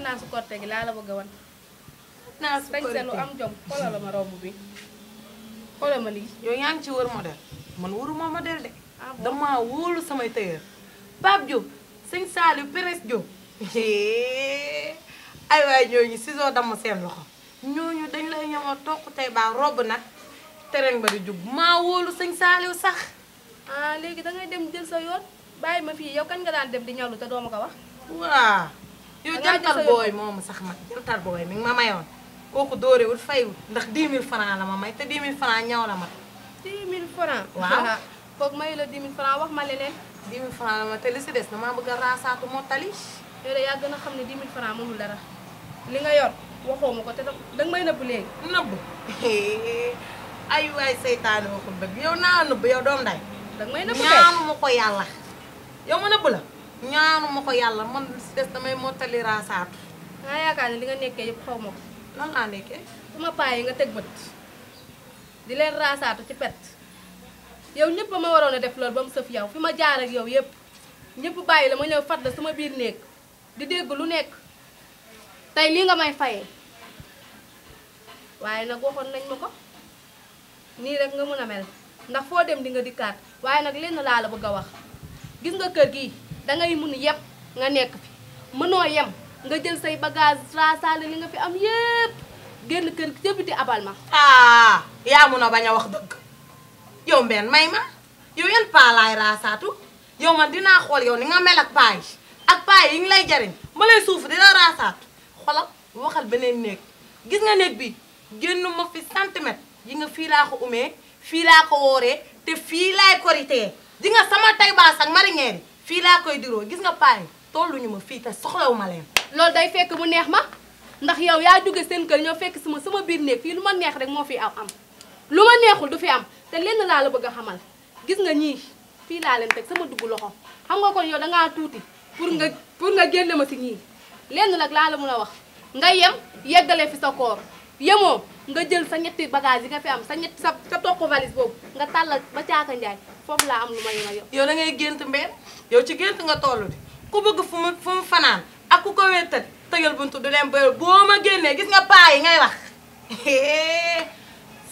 am naa su korte gi laa la bëgg a wan. naa su korte lu am jom xoolal ma romb bi xoolal ma lii. yow yaa ngi wër modèle man wëruma modèle de. ah bon damaa wóolu samay tailleur Pape Diop sëñ Saliou Pérès ay waay ñooñu ciseaux damm seen loxo ñooñu dañ lay ñëw toq tey baa robb nag terrain ba di jub maa wóolu sëñ Saliou sax. ah léegi dangay dem jël sa yoon bàyyi ma fii yow kan nga daan dem di ñawlu te doo wax. waaw. yow jantal booy moomu sax ma jantal booy mi ma mayoon kooku dóorewul faywul ndax 10 000 francs la ma may te 10 000 francs ñaw la ma. 10 000 waaw kooku mayu la 10 wax ma leneen. 10 000 la ma te li si des damaa bëgg a raasaatu moo tali. yow de yaa gën a xam ne 10 000 francs mënul dara li nga yor waxoo ma ko te danga may nëbb léegi. nëbb ay waay seytaane waxul dëgg yow naa nëbb yow doom day. danga may nëbb tey ñaanu ma ko yàlla ñaanu ma ko yàlla man des damay mottali raasaatu. nga yaakaar ne li nga nekkee yëpp xaw ma ko. lan laa nekkee. su ma paa nga teg bët di leen raasaatu ci pet yow ñëpp ma waroon a def loolu ba mu sëf yow fi ma jaar ak yow yépp ñëpp bàyyi la ma ñëw fat la sama biir néeg di dégg lu nekk tey lii nga may fayee waaye nag waxoon nañ ma ko nii rek nga mën a mel ndax foo dem di nga dikkaat waaye nag lenn laa la bëgg a wax gis nga kër gi. dangay mun yem nga nekk fi mënoo yem nga jël say bagage raasaale li nga fi am yépp génn kër gi ca biti abal ma ah yaa mun a bañ a wax dëgg yow mbenn may ma yow yan paa laay yow ma dinaa xool yow ni nga mel ak paa yi ak paa yi ngi lay jariñ ma lay suuf di la raasaatu xolal waxal beneen néeg gis nga néeg bi génn ma fi centimètre yi nga fii laa ko umee fii laa ko wooree te fii laay koritee di sama tay baas ak marinière yi fii laa koy diroo gis nga paa yi tolluñu ma fii te soxlawu ma leen. loolu day fekk bu neex ma ndax yow yaa jóge seen kër ñoo fekk suma sama biir néeg fii lu ma neex rek moo fi am am lu ma neexul du fi am te lenn laa la bëgg a xamal gis nga ñii fii laa leen teg sama dugg loxo xam nga kon yow dangaa tuuti pour nga pour nga génne ma si ñii lenn nag laa la mun a wax nga yem yeggale fi sa koor yemoo nga jël sa ñetti bagage yi nga fi am sa ñetti sa sa toq valise boobu nga tàllal ba caaka njaay foofu laa am lu ma yema yow. yow da ngay gént mbeen yow ci gént nga toll di ku bëgg fu mu fu mu fanaan ak ku ko wéttali tëjal buntu du leen bëri boo ma génnee gis nga paa yi ngay wax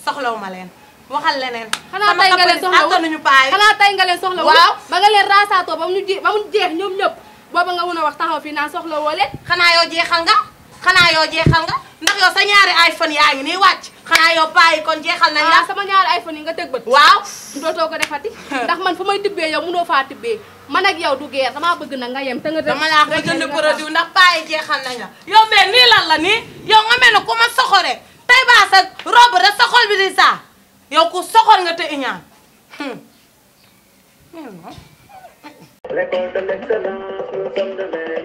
soxlaw ma leen waxal leneen. xanaa tey nga leen soxlaw attanuñu paa yi xanaa tey nga leen soxlaw waaw ba nga leen raasaatoo ba mu ñu jeex ba mu jeex ñoom nga mun a wax taxaw fii naa soxla woo leen. xanaa yoo jeexal nga xanaa yoo jeexal nga. ndax yow sa ñaari iPhone yaa ngi nii wàcc xanaa yow bàyyi kon jeexal nañ la ah, sama ñaari iPhone yi nga teg bët waaw dootoo ko defati ndax man fu may tibbee yow mënoo faa tibbee man ak yow du geer damaa bëgg na nga yem te nga dama laa ko jënd produit ndax bàyyi jeexal nañ la yow mais nii lan la nii yow nga mel ne ku ma soxore sa rob rek saa yow ku soxor nga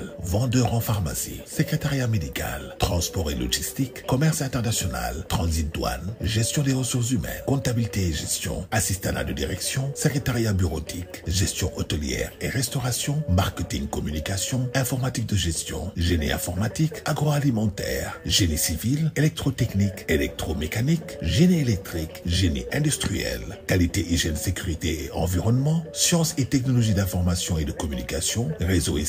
médical, vendeur en pharmacie, secrétariat médical, transport et logistique, commerce international, transit douane, gestion des ressources humaines, comptabilité et gestion, assistanat de direction, secrétariat bureautique, gestion hôtelière et restauration, marketing communication, informatique de gestion, génie informatique, agroalimentaire, génie civil, électrotechnique, électromécanique, génie électrique, génie industriel, qualité, hygiène, sécurité et environnement, de communication, réseau et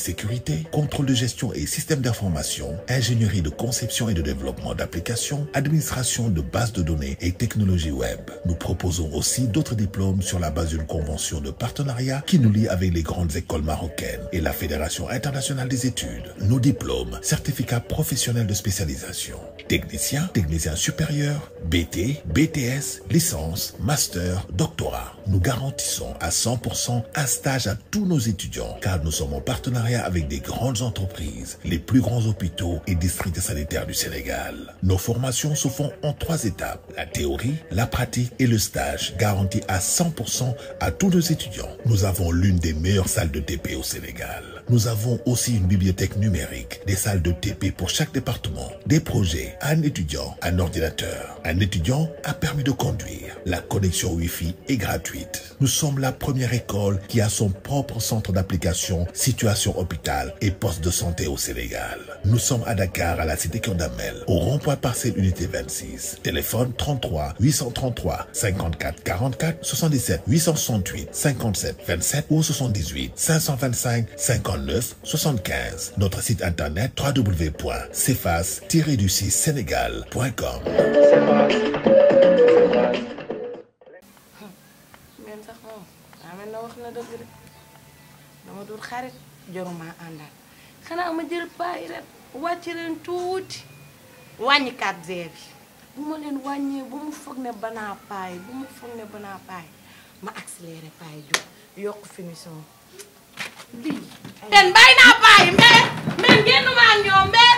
contrôle de gestion et système d'information, ingénierie de conception et de développement d'applications, administration de bases de données et technologies web. Nous proposons aussi d'autres diplômes sur la base d'une convention de partenariat qui nous lie avec les grandes écoles marocaines et la Fédération internationale des études. Nos diplômes, certificats professionnels de spécialisation, technicien, technicien supérieur, BT, BTS, licence, master, doctorat. à 100% un stage à tous nos étudiants car nous sommes en partenariat avec grandes les plus grands hôpitaux et districts sanitaires du Sénégal. Nos formations se font en trois étapes, la théorie, la pratique et le stage, garantis à à tous nos étudiants. Nous avons l'une des meilleures salles de TP au Sénégal. Nous avons aussi une bibliothèque numérique, pour chaque département, des projets, un étudiant, un ordinateur, La connexion Wi-Fi est gratuite. Nous sommes la première école qui a son propre centre d'application, situation hôpital et poste de santé au Sénégal. Nous sommes à Dakar, à la cité Kondamel, au rond-point parcelle unité 26. Téléphone 33 833 59 75. sax moom daa mel ne wax na dëgg de dama dul xarit joruma àndal xanaa ma jël paay rek wàcc leen tuuti wàññi 4 bi bu ma leen wàññee bu mu foog ne banaa paay bu mu foog ne banaa paay ma accéléré paay jóg yokk finition. ten bay naa bàyyi mais man génn maa ñoom mais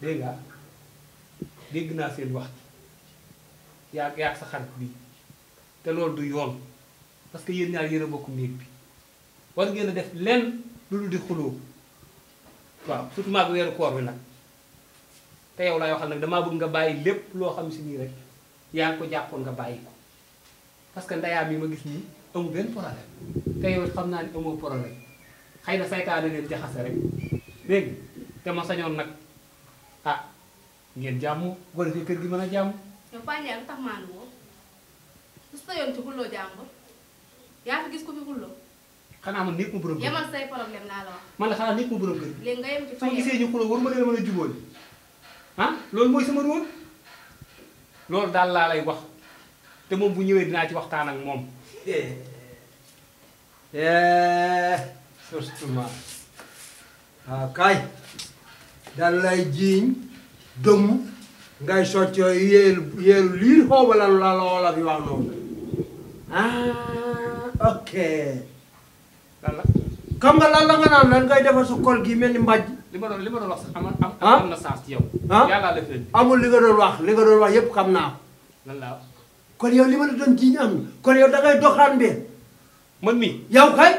dégg nga dégg naa seen wax ci yaa yaa sa xarit bi te loolu du yoon parce que yéen ñaar yéen a bokk néeg bi war ngeen a def lenn lu dul di xuloo waaw surtout weeru koor bi nag te yow laay waxal nag damaa bëgg nga bàyyi lépp loo xam si nii rek yaa ko jàppoon nga bàyyi ko parce que ndayaa mi ma gis nii amul benn problème te yow xam naa ne amoo problème xëy na saytaane leen jaxase rek dégg te ma sañoon nag ah ngeen jàmm boo defee kër gi mën a jàmm. yow Paa Ndiaye lu tax maandu moom su sa yoon ci xulloo jàmbur yaa fi gis ko fi xulloo. xanaa man nekk mu borom kër yemal say problème laa la wax. man la xanaa nekk mu borom kër. léegi nga gisee ñu xulloo war ma leen mën a jubóol ah loolu mooy sama rôle loolu daal laa lay wax te moom bu ñëwee dinaa ci waxtaan ak moom. Eh, eh, surtout ma daal lay jiiñ dëmm ngay soccoo yéelu yéelu liir xooba la la loola bi wax noonu ah ok lala xam nga lan nga naan lan ngay defar sa kol gi mel ni mbàjj li ma doon li ah? ah? amul li nga wax li nga wax yépp xam naa kon yow li ma la doon jiiñ am kon yow da doxaan mbeen man mi yow kay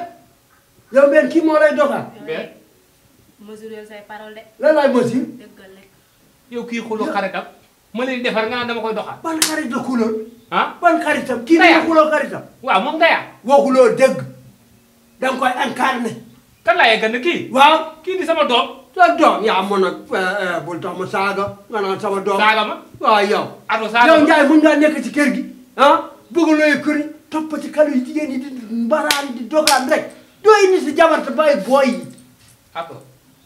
yow mbeen kii moo lay doxaan mesuré say parole de. lan laay yow kii xuloo xaritam ma leen defar nga dama koy doxal. ban xarit la ah? kii la xuloo xaritam. waaw moom Ngaya. waxuloo dëgg da nga koy incarné. kan laa a ne kii. waaw kii di sama doom. sa doom yaa mën a eh, eh, bul tax ma saaga nga naan sama doom. saaga ma waaw yow. allo saaga ma yow Ndiaye mun ci kër gi. ah bëgg looy kër yi ci xale yu jigéen yi di mbaraan di dogaan rek doo indi si jabar te bàyyi booy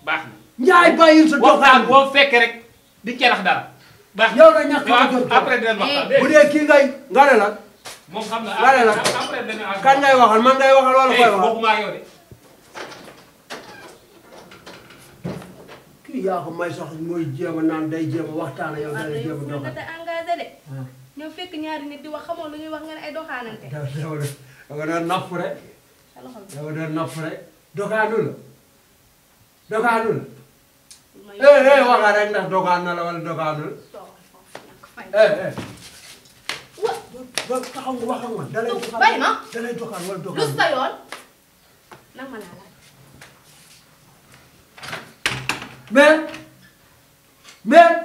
baax na. Ndiaye bàyyil sa doxalin boo fekkee rek di cerax dara. baax na yow nag ñax après dinañ waxtaan eh. bu dee kii ngay nga ne la. moom xam nga après dinañ waxtaan kan ngay waxal man ngay waxal wala eh, koy a naan day jéem a ah, ah. fekk ñaari nit di wax xamoo lu ñuy wax nga ne ay doxaanante. doxaanu la. dogaanul eh eh wax rek ndax dogaan na la wala dogaanul eh eh wa taxaw nga wax ak man da lay dogaan bàyyi ma da yoon nag ma laa laaj mais mais